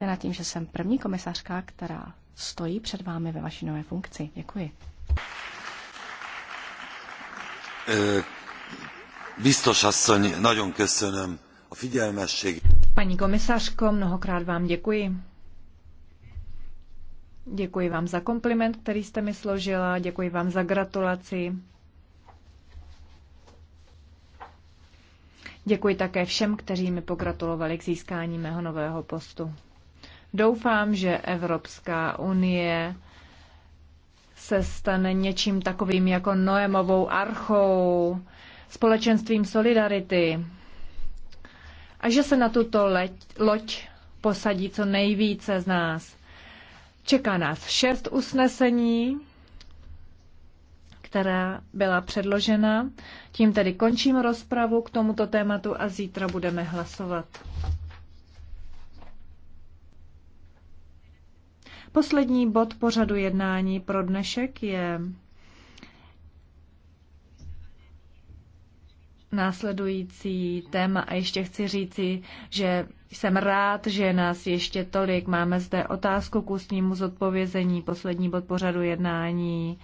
na tím, že jsem první komisařka, která stojí před vámi ve vaší nové funkci. Děkuji. Biztos asszony, nagyon köszönöm a figyelmesség. Paní komisařko, mnohokrát vám děkuji. Děkuji vám za kompliment, který jste mi složila, děkuji vám za gratulaci. Děkuji také všem, kteří mi pogratulovali k získání mého nového postu. Doufám, že Evropská unie se stane něčím takovým jako Noemovou archou, společenstvím solidarity a že se na tuto leť, loď posadí co nejvíce z nás. Čeká nás šest usnesení, která byla předložena. Tím tedy končím rozpravu k tomuto tématu a zítra budeme hlasovat. Poslední bod pořadu jednání pro dnešek je následující téma a ještě chci říci, že jsem rád, že nás ještě tolik. Máme zde otázku k ústnímu zodpovězení. Poslední bod pořadu jednání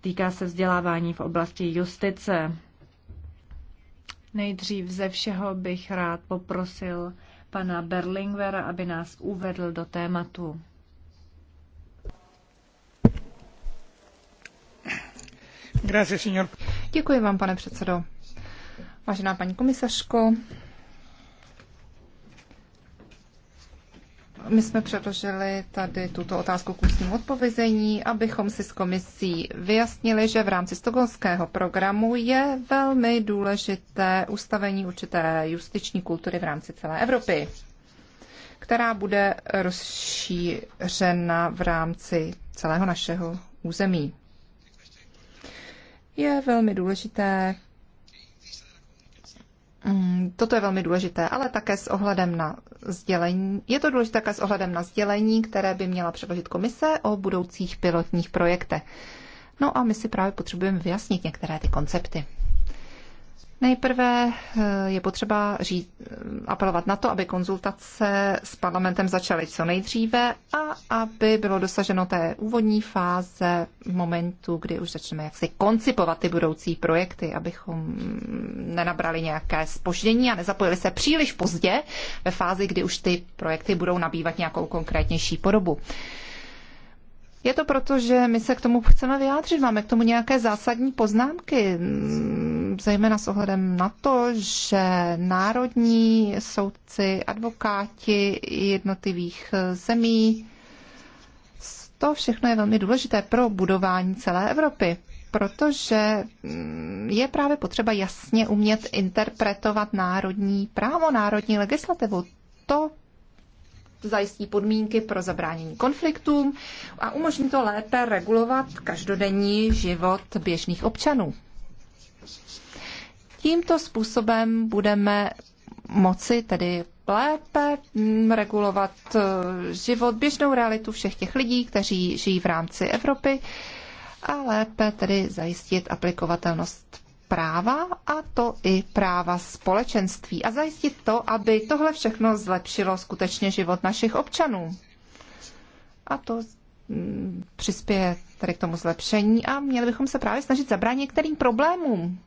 týká se vzdělávání v oblasti justice. Nejdřív ze všeho bych rád poprosil pana Berlingvera, aby nás uvedl do tématu. Děkuji vám, pane předsedo. Vážená paní komisařko, my jsme předložili tady tuto otázku k ústnímu odpovězení, abychom si s komisí vyjasnili, že v rámci stokholmského programu je velmi důležité ustavení určité justiční kultury v rámci celé Evropy, která bude rozšířena v rámci celého našeho území je velmi důležité mm, Toto je velmi důležité, ale také s ohledem na sdělení. Je to důležité také s ohledem na sdělení, které by měla předložit komise o budoucích pilotních projektech. No a my si právě potřebujeme vyjasnit některé ty koncepty. Nejprve eh, je potřeba říct, eh, apelovat na to, aby konzultace s parlamentem začaly co nejdříve a aby bylo dosaženo té úvodní fáze v momentu, kdy už začneme jaksi koncipovat ty budoucí projekty, abychom nenabrali nějaké spoždění a nezapojili se příliš pozdě ve fázi, kdy už ty projekty budou nabývat nějakou konkrétnější podobu. Je to proto, že my se k tomu chceme vyjádřit, máme k tomu nějaké zásadní poznámky, mm, zejména s ohledem na to, že národní soudci, advokáti jednotlivých eh, zemí, to všechno je velmi důležité pro budování celé Evropy protože mm, je právě potřeba jasně umět interpretovat národní právo, národní legislativu. To zajistí podmínky pro zabránění konfliktům a umožní to lépe regulovat každodenní život běžných občanů. Tímto způsobem budeme moci tedy lépe regulovat eh, život, běžnou realitu všech těch lidí, kteří žijí v rámci Evropy a lépe tedy zajistit aplikovatelnost práva a to i práva společenství a zajistit to, aby tohle všechno zlepšilo skutečně život našich občanů. A to mm, přispěje tady k tomu zlepšení a měli bychom se právě snažit zabránit některým problémům.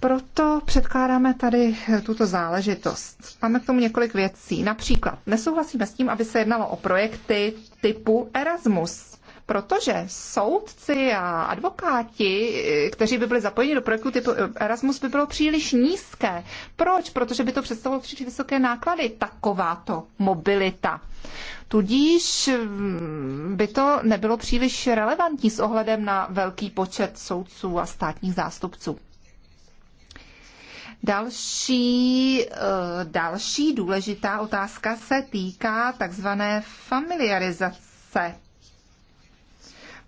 Proto předkládáme tady tuto záležitost. Máme k tomu několik věcí. Například nesouhlasíme s tím, aby se jednalo o projekty typu Erasmus protože soudci a advokáti, kteří by byli zapojeni do projektu typu Erasmus, by bylo příliš nízké. Proč? Protože by to představovalo příliš vysoké náklady, takováto mobilita. Tudíž mm, by to nebylo příliš relevantní s ohledem na velký počet soudců a státních zástupců. Další, eh, další důležitá otázka se týká takzvané familiarizace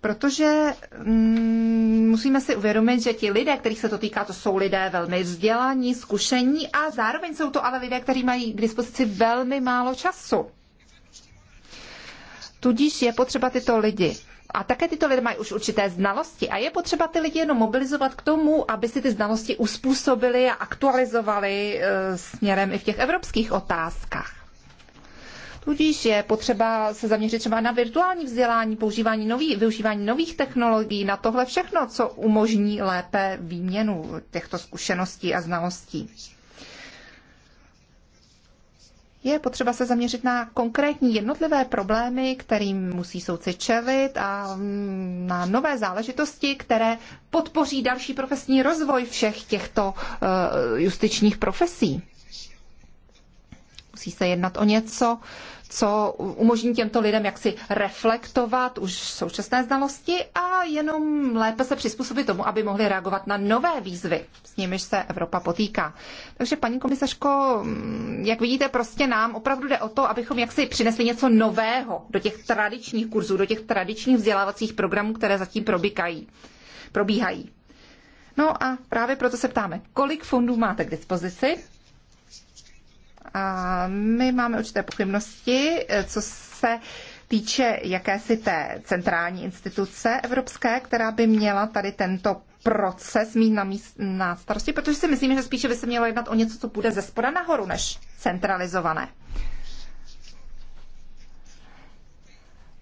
Protože mm, musíme si uvědomit, že ti lidé, kterých se to týká, to jsou lidé velmi vzdělaní, zkušení a zároveň jsou to ale lidé, kteří mají k dispozici velmi málo času. Tudíž je potřeba tyto lidi a také tyto lidé mají už určité znalosti a je potřeba ty lidi jenom mobilizovat k tomu, aby si ty znalosti uspůsobili a aktualizovali e, směrem i v těch evropských otázkách. Tudíž je potřeba se zaměřit třeba na virtuální vzdělání, používání nový, využívání nových technologií, na tohle všechno, co umožní lépe výměnu těchto zkušeností a znalostí. Je potřeba se zaměřit na konkrétní jednotlivé problémy, kterým musí soudci čelit a mm, na nové záležitosti, které podpoří další profesní rozvoj všech těchto eh, justičních profesí. Musí se jednat o něco, co umožní těmto lidem jaksi reflektovat už současné znalosti a jenom lépe se přizpůsobit tomu, aby mohli reagovat na nové výzvy, s nimiž se Evropa potýká. Takže paní komisařko, jak vidíte, prostě nám opravdu jde o to, abychom jaksi přinesli něco nového do těch tradičních kurzů, do těch tradičních vzdělávacích programů, které zatím probíkají, probíhají. No a právě proto se ptáme, kolik fondů máte k dispozici my máme určité pochybnosti, co se týče jakési té centrální instituce evropské, která by měla tady tento proces mít na, míst, na starosti, protože si myslím, že spíše by se mělo jednat o něco, co bude ze spoda nahoru, než centralizované.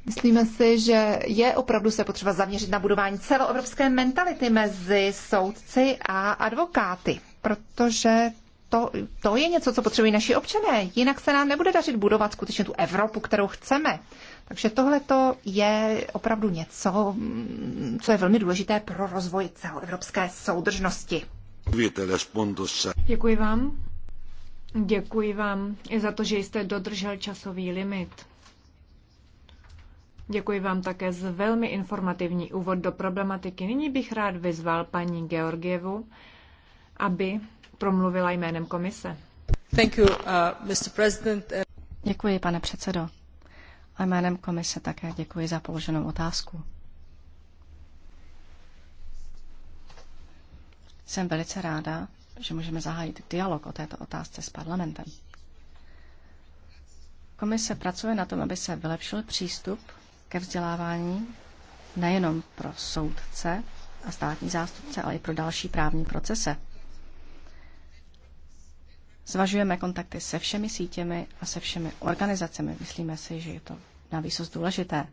Myslíme si, že je opravdu se potřeba zaměřit na budování celoevropské mentality mezi soudci a advokáty, protože to, to je něco, co potřebují naši občané. Jinak se nám nebude dařit budovat skutečně tu Evropu, kterou chceme. Takže tohle je opravdu něco, mm, co je velmi důležité pro rozvoj celoevropské soudržnosti. Děkuji vám. Děkuji vám i za to, že jste dodržel časový limit. Děkuji vám také za velmi informativní úvod do problematiky. Nyní bych rád vyzval paní Georgievu, aby promluvila jménem komise. Thank you, uh, Mr. President. Děkuji, pane předsedo. A jménem komise také děkuji za položenou otázku. Jsem velice ráda, že můžeme zahájit dialog o této otázce s parlamentem. Komise pracuje na tom, aby se vylepšil přístup ke vzdělávání nejenom pro soudce a státní zástupce, ale i pro další právní procese. Zvažujeme kontakty se všemi sítěmi a se všemi organizacemi. Myslíme si, že je to na důležité.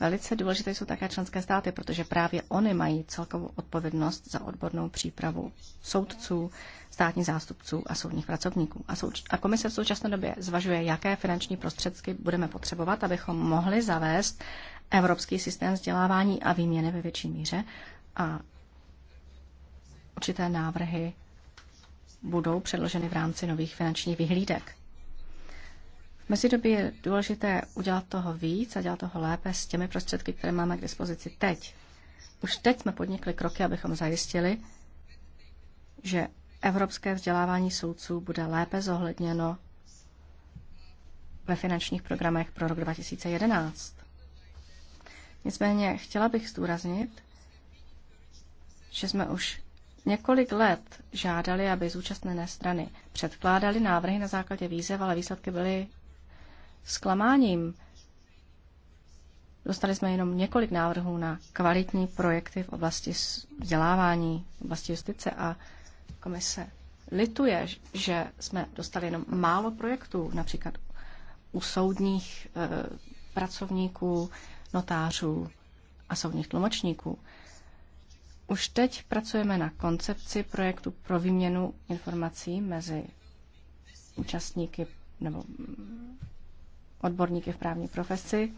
Velice důležité jsou také členské státy, protože právě oni mají celkovou odpovědnost za odbornou přípravu soudců, státních zástupců a soudních pracovníků. A, souč- a komise v současné době zvažuje, jaké finanční prostředky budeme potřebovat, abychom mohli zavést evropský systém vzdělávání a výměny ve větší míře a určité návrhy budou předloženy v rámci nových finančních vyhlídek. V mezidobí je důležité udělat toho víc a dělat toho lépe s těmi prostředky, které máme k dispozici teď. Už teď jsme podnikli kroky, abychom zajistili, že evropské vzdělávání soudců bude lépe zohledněno ve finančních programech pro rok 2011. Nicméně chtěla bych zdůraznit, že jsme už Několik let žádali, aby zúčastněné strany předkládali návrhy na základě výzev, ale výsledky byly zklamáním. Dostali jsme jenom několik návrhů na kvalitní projekty v oblasti vzdělávání, v oblasti justice a komise lituje, že jsme dostali jenom málo projektů, například u soudních e, pracovníků, notářů a soudních tlumočníků. Už teď pracujeme na koncepci projektu pro výměnu informací mezi účastníky nebo odborníky v právní profesi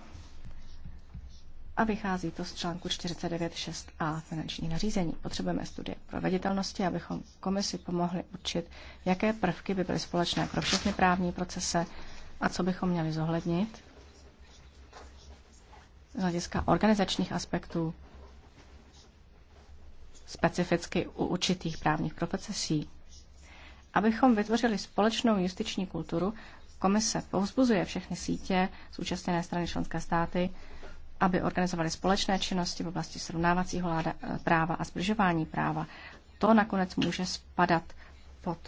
a vychází to z článku 49.6a finanční nařízení. Potřebujeme studie proveditelnosti, abychom komisi pomohli určit, jaké prvky by byly společné pro všechny právní procese a co bychom měli zohlednit z hlediska organizačních aspektů specificky u určitých právních profesí. Abychom vytvořili společnou justiční kulturu, komise povzbuzuje všechny sítě zúčastněné strany členské státy, aby organizovali společné činnosti v oblasti srovnávacího eh, práva a zbližování práva. To nakonec může spadat pod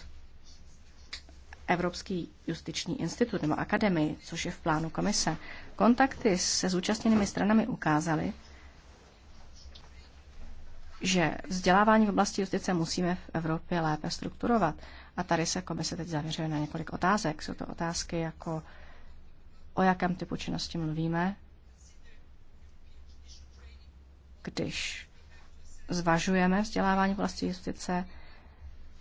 Evropský justiční institut nebo akademii, což je v plánu komise. Kontakty se zúčastněnými stranami ukázaly, že vzdělávání v oblasti justice musíme v Evropě lépe strukturovat. A tady se komise teď zaměřuje na několik otázek. Jsou to otázky jako o jakém typu činnosti mluvíme, když zvažujeme vzdělávání v oblasti justice,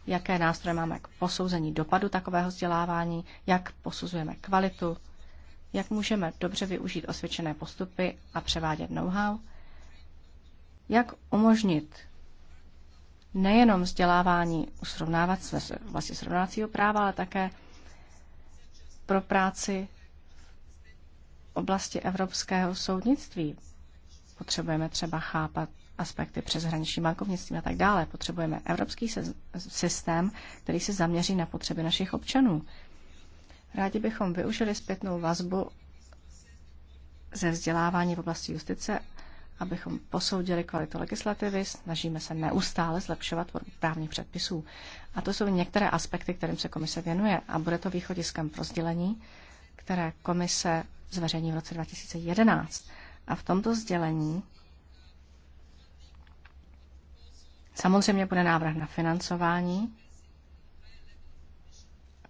jaké nástroje máme k posouzení dopadu takového vzdělávání, jak posuzujeme kvalitu, jak můžeme dobře využít osvědčené postupy a převádět know-how, jak umožnit nejenom vzdělávání u srovnávat vlastně srovnávacího práva, ale také pro práci v oblasti evropského soudnictví. Potřebujeme třeba chápat aspekty přeshraniční bankovnictví a tak dále. Potřebujeme evropský systém, který se zaměří na potřeby našich občanů. Rádi bychom využili zpětnou vazbu ze vzdělávání v oblasti justice abychom posoudili kvalitu legislativy, snažíme se neustále zlepšovat právních předpisů. A to jsou některé aspekty, kterým se komise věnuje a bude to východiskem pro sdělení, které komise zveřejní v roce 2011. A v tomto sdělení samozřejmě bude návrh na financování.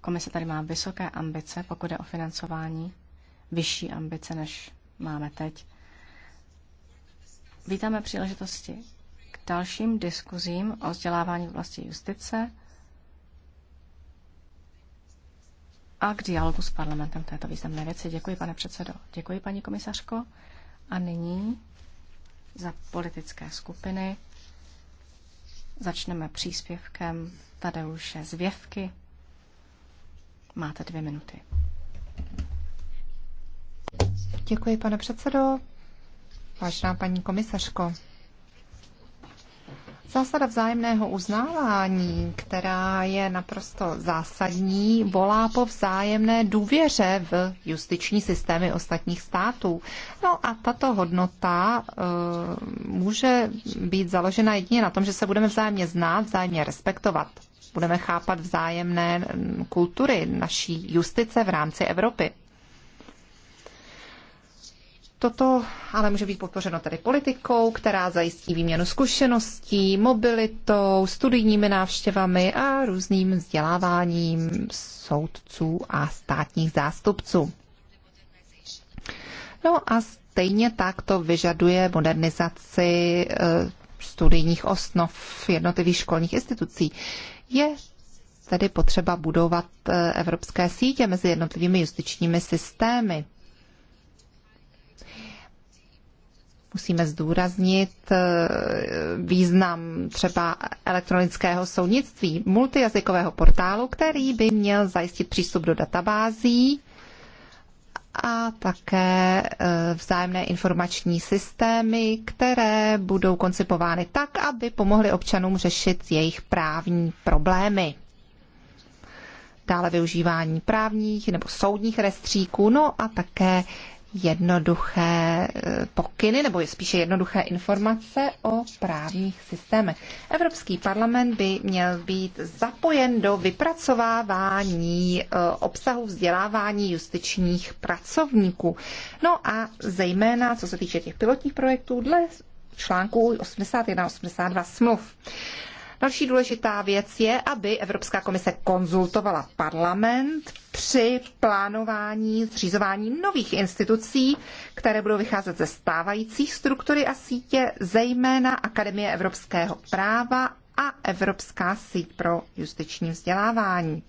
Komise tady má vysoké ambice, pokud je o financování, vyšší ambice, než máme teď Vítáme příležitosti k dalším diskuzím o vzdělávání v oblasti justice a k dialogu s parlamentem v této významné věci. Děkuji, pane předsedo. Děkuji, paní komisařko. A nyní za politické skupiny začneme příspěvkem Tadeuše Zvěvky. Máte dvě minuty. Děkuji, pane předsedo. Vážená paní komisařko, Zásada vzájemného uznávání, která je naprosto zásadní, volá po vzájemné důvěře v justiční systémy ostatních států. No a tato hodnota e, může být založena jedině na tom, že se budeme vzájemně znát, vzájemně respektovat. Budeme chápat vzájemné kultury naší justice v rámci Evropy. Toto ale může být podpořeno tedy politikou, která zajistí výměnu zkušeností, mobilitou, studijními návštěvami a různým vzděláváním soudců a státních zástupců. No a stejně tak to vyžaduje modernizaci eh, studijních osnov jednotlivých školních institucí. Je tedy potřeba budovat eh, evropské sítě mezi jednotlivými justičními systémy. Musíme zdůraznit eh, význam třeba elektronického soudnictví, multijazykového portálu, který by měl zajistit přístup do databází a také eh, vzájemné informační systémy, které budou koncipovány tak, aby pomohly občanům řešit jejich právní problémy. Dále využívání právních nebo soudních restříků, no a také jednoduché eh, pokyny, nebo je spíše jednoduché informace o právních systémech. Evropský parlament by měl být zapojen do vypracovávání eh, obsahu vzdělávání justičních pracovníků. No a zejména, co se týče těch pilotních projektů, dle článku 81-82 smluv. Další důležitá věc je, aby Evropská komise konzultovala parlament při plánování zřizování nových institucí, které budou vycházet ze stávajících struktury a sítě, zejména Akademie evropského práva a Evropská síť pro justiční vzdělávání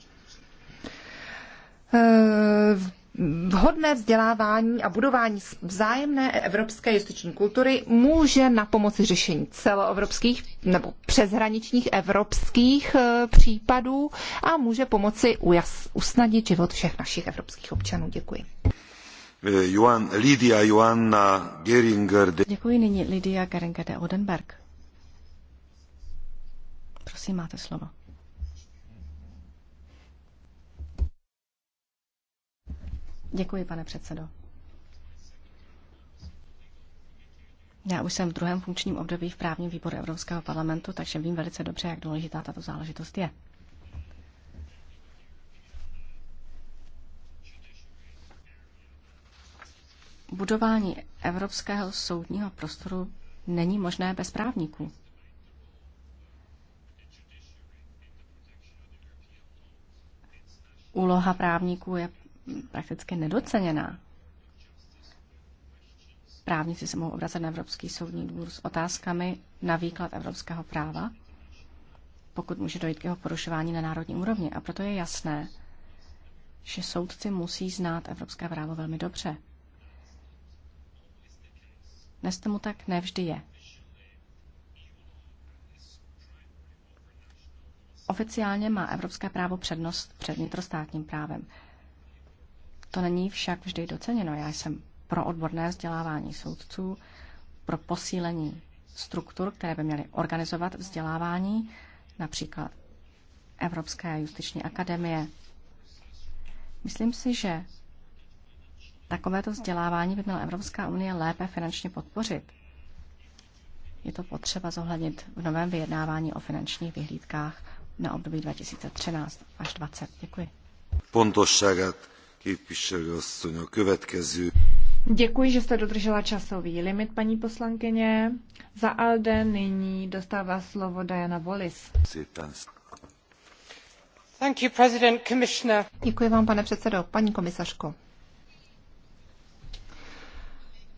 vhodné vzdělávání a budování vzájemné evropské justiční kultury může na pomoci řešení celoevropských nebo přeshraničních evropských eh, případů a může pomoci ujas, usnadnit život všech našich evropských občanů. Děkuji. Eh, Lidia Joanna Geringer. De... Děkuji nyní Lidia Geringer de Odenberg. Prosím, máte slovo. Děkuji, pane předsedo. Já už jsem v druhém funkčním období v právním výboru Evropského parlamentu, takže vím velice dobře, jak důležitá tato záležitost je. Budování evropského soudního prostoru není možné bez právníků. Úloha právníků je prakticky nedoceněná. Právníci se mohou obracet na Evropský soudní dvůr s otázkami na výklad evropského práva, pokud může dojít k jeho porušování na národní úrovni. A proto je jasné, že soudci musí znát evropské právo velmi dobře. Dnes tomu tak nevždy je. Oficiálně má evropské právo přednost před vnitrostátním právem. To není však vždy doceněno. Já jsem pro odborné vzdělávání soudců, pro posílení struktur, které by měly organizovat vzdělávání, například Evropské justiční akademie. Myslím si, že takovéto vzdělávání by měla Evropská unie lépe finančně podpořit. Je to potřeba zohlednit v novém vyjednávání o finančních vyhlídkách na období 2013 až 2020. Děkuji. Pontosságát Děkuji, že jste dodržela časový limit, paní poslankyně. Za ALDE nyní dostává slovo Diana Wallis. Thank you, President, Commissioner. Děkuji vám, pane předsedo. Paní komisařko,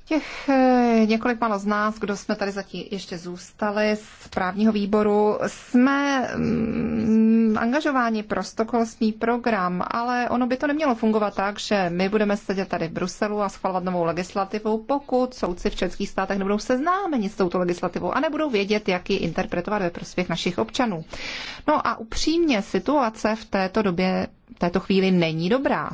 Těch eh, několik málo z nás, kdo jsme tady zatím ještě zůstali z právního výboru, jsme mm, angažováni pro stokholmský program, ale ono by to nemělo fungovat tak, že my budeme sedět tady v Bruselu a schvalovat novou legislativu, pokud soudci v českých státech nebudou seznámeni s touto legislativou a nebudou vědět, jak ji interpretovat ve prospěch našich občanů. No a upřímně situace v této době, v této chvíli není dobrá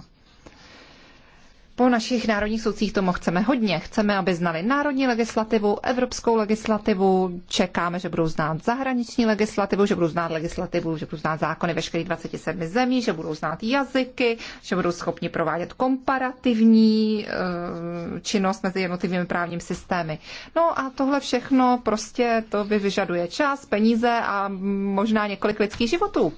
po našich národních soudcích tomu chceme hodně. Chceme, aby znali národní legislativu, evropskou legislativu, čekáme, že budou znát zahraniční legislativu, že budou znát legislativu, že budou znát zákony veškerých 27 zemí, že budou znát jazyky, že budou schopni provádět komparativní eh, činnost mezi jednotlivými právními systémy. No a tohle všechno prostě to vyžaduje čas, peníze a možná několik lidských životů.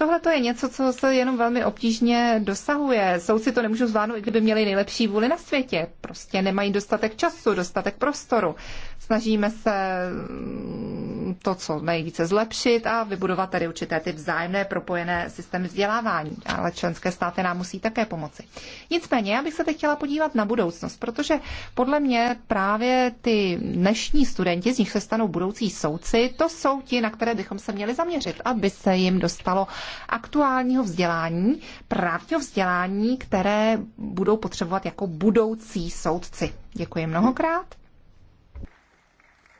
Tohle to je něco, co se jenom velmi obtížně dosahuje. Soudci to nemůžou zvládnout, i kdyby měli nejlepší vůli na světě. Prostě nemají dostatek času, dostatek prostoru. Snažíme se mm, to, co nejvíce zlepšit a vybudovat tady určité ty vzájemné propojené systémy vzdělávání. Ale členské státy nám musí také pomoci. Nicméně, já bych se teď chtěla podívat na budoucnost, protože podle mě právě ty dnešní studenti, z nich se stanou budoucí soudci, to jsou ti, na které bychom se měli zaměřit, aby se jim dostalo aktuálního vzdělání, právního vzdělání, které budou potřebovat jako budoucí soudci. Děkuji mnohokrát.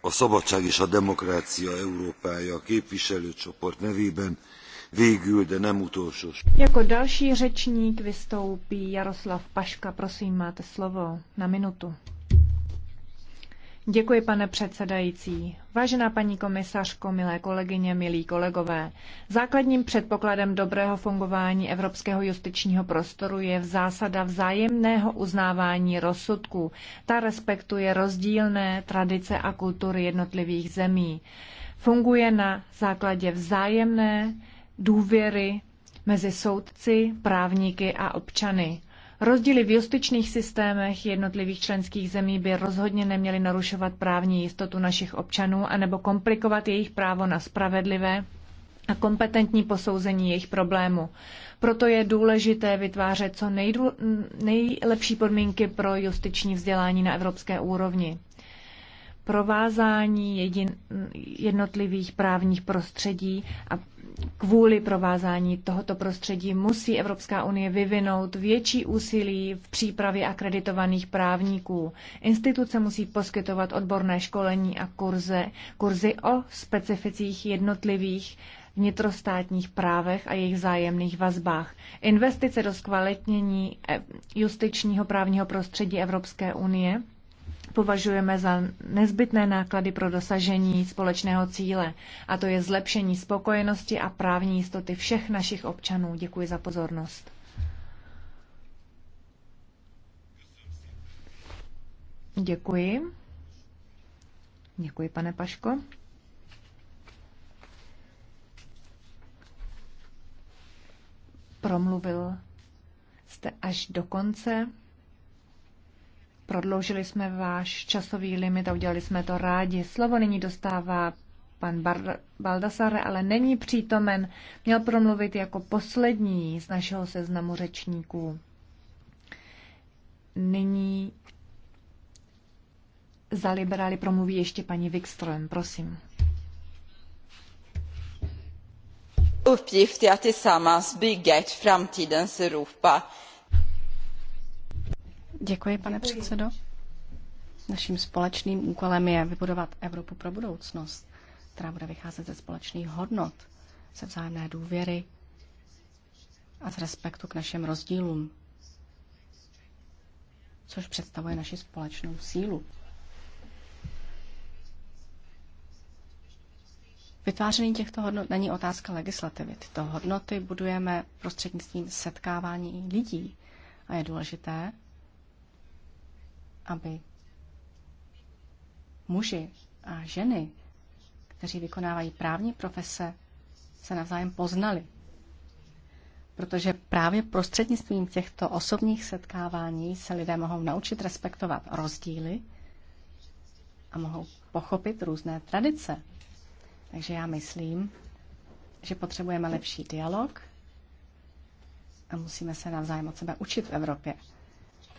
A szabadság és a demokrácia Európája képviselőcsoport nevében végül, de nem utolsó. Jako další řečník vystoupí Jaroslav Paška. Prosím, máte slovo na minutu. Děkuji, pane předsedající. Vážená paní komisařko, milé kolegyně, milí kolegové, základním předpokladem dobrého fungování evropského justičního prostoru je v zásada vzájemného uznávání rozsudků. Ta respektuje rozdílné tradice a kultury jednotlivých zemí. Funguje na základě vzájemné důvěry mezi soudci, právníky a občany. Rozdíly v justičních systémech jednotlivých členských zemí by rozhodně neměly narušovat právní jistotu našich občanů anebo komplikovat jejich právo na spravedlivé a kompetentní posouzení jejich problému. Proto je důležité vytvářet co nejdů, nejlepší podmínky pro justiční vzdělání na evropské úrovni. Provázání jedin, jednotlivých právních prostředí a kvůli provázání tohoto prostředí musí Evropská unie vyvinout větší úsilí v přípravě akreditovaných právníků. Instituce musí poskytovat odborné školení a kurze, kurzy o specificích jednotlivých vnitrostátních právech a jejich zájemných vazbách. Investice do zkvalitnění eh, justičního právního prostředí Evropské unie považujeme za nezbytné náklady pro dosažení společného cíle, a to je zlepšení spokojenosti a právní jistoty všech našich občanů. Děkuji za pozornost. Děkuji. Děkuji, pane Paško. Promluvil jste až do konce. Prodloužili jsme váš časový limit a udělali jsme to rádi. Slovo nyní dostává pan Bar- Baldasare, ale není přítomen. Měl promluvit jako poslední z našeho seznamu řečníků. Nyní za liberály promluví ještě paní Wikström, prosím. Uppgift är att tillsammans bygga ett framtidens Europa Děkuji, pane předsedo. Naším společným úkolem je vybudovat Evropu pro budoucnost, která bude vycházet ze společných hodnot, ze vzájemné důvěry a z respektu k našim rozdílům, což představuje naši společnou sílu. Vytváření těchto hodnot není otázka legislativy. Tyto hodnoty budujeme prostřednictvím setkávání lidí. A je důležité, aby muži a ženy, kteří vykonávají právní profese, se navzájem poznali. Protože právě prostřednictvím těchto osobních setkávání se lidé mohou naučit respektovat rozdíly a mohou pochopit různé tradice. Takže já myslím, že potřebujeme lepší dialog a musíme se navzájem od sebe učit v Evropě.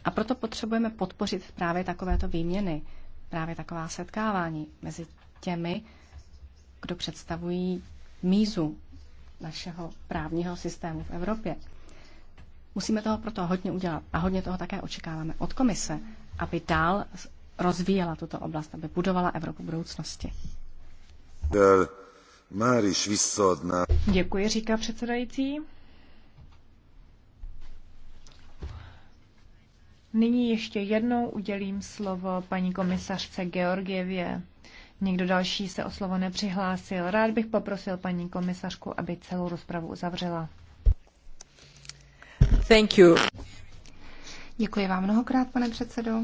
A proto potřebujeme podpořit právě takovéto výměny, právě taková setkávání mezi těmi, kdo představují mízu našeho právního systému v Evropě. Musíme toho proto hodně udělat a hodně toho také očekáváme od komise, aby dál rozvíjela tuto oblast, aby budovala Evropu budoucnosti. Děkuji, říká předsedající. Nyní ještě jednou udělím slovo paní komisařce Georgievě. Někdo další se o slovo nepřihlásil. Rád bych poprosil paní komisařku, aby celou rozpravu uzavřela. Thank you. Děkuji vám mnohokrát, pane předsedo.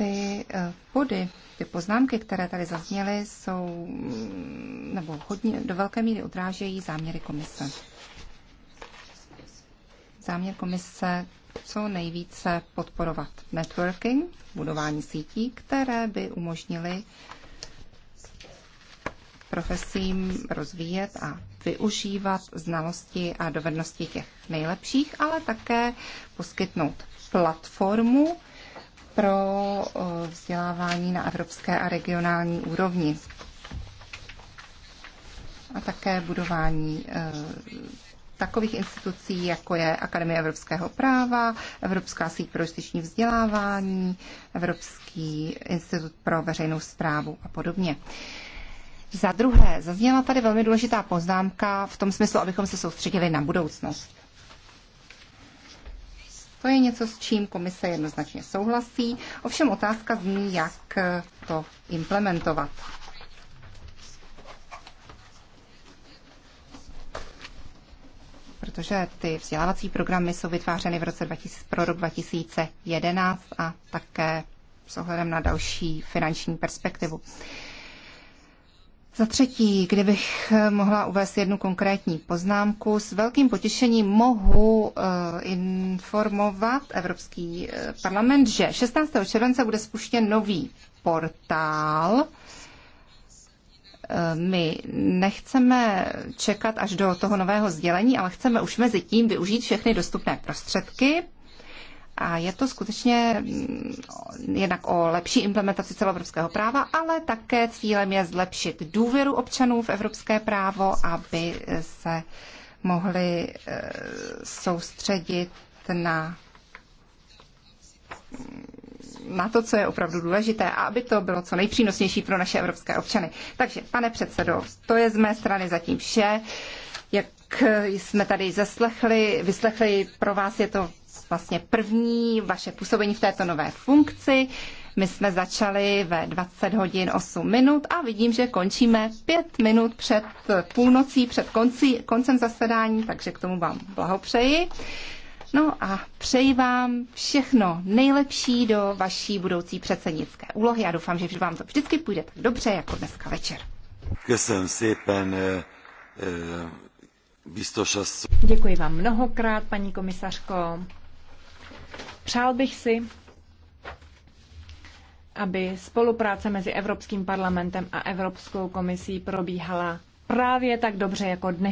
ty eh, body, ty poznámky, které tady zazněly, jsou mm, nebo hodně, do velké míry odrážejí záměry komise. Záměr komise co nejvíce podporovat networking, budování sítí, které by umožnily profesím rozvíjet a využívat znalosti a dovednosti těch nejlepších, ale také poskytnout platformu, pro eh, vzdělávání na evropské a regionální úrovni a také budování eh, takových institucí, jako je Akademie evropského práva, Evropská síť pro justiční vzdělávání, Evropský institut pro veřejnou zprávu a podobně. Za druhé, zazněla tady velmi důležitá poznámka v tom smyslu, abychom se soustředili na budoucnost. To je něco, s čím komise jednoznačně souhlasí, ovšem otázka zní, jak to implementovat. protože ty vzdělávací programy jsou vytvářeny v roce 2000, pro rok 2011 a také s ohledem na další finanční perspektivu. Za třetí, kdybych eh, mohla uvést jednu konkrétní poznámku, s velkým potěšením mohu eh, informovat Evropský eh, parlament, že 16. července bude spuštěn nový portál. My nechceme čekat až do toho nového sdělení, ale chceme už mezi tím využít všechny dostupné prostředky a je to skutečně mm, jednak o lepší implementaci celoevropského práva, ale také cílem je zlepšit důvěru občanů v evropské právo, aby se mohli eh, soustředit na mm, na to, co je opravdu důležité a aby to bylo co nejpřínosnější pro naše evropské občany. Takže, pane předsedo, to je z mé strany zatím vše. Jak jsme tady zaslechli, vyslechli, pro vás je to vlastně první vaše působení v této nové funkci. My jsme začali ve 20 hodin 8 minut a vidím, že končíme 5 minut před půlnocí, před konci, koncem zasedání, takže k tomu vám blahopřeji. No a přeji vám všechno nejlepší do vaší budoucí předsednické úlohy a doufám, že vám to vždycky půjde tak dobře, jako dneska večer. Eh, eh, Děkuji vám mnohokrát, paní komisařko. Přál bych si, aby spolupráce mezi Evropským parlamentem a Evropskou komisí probíhala právě tak dobře jako dnes.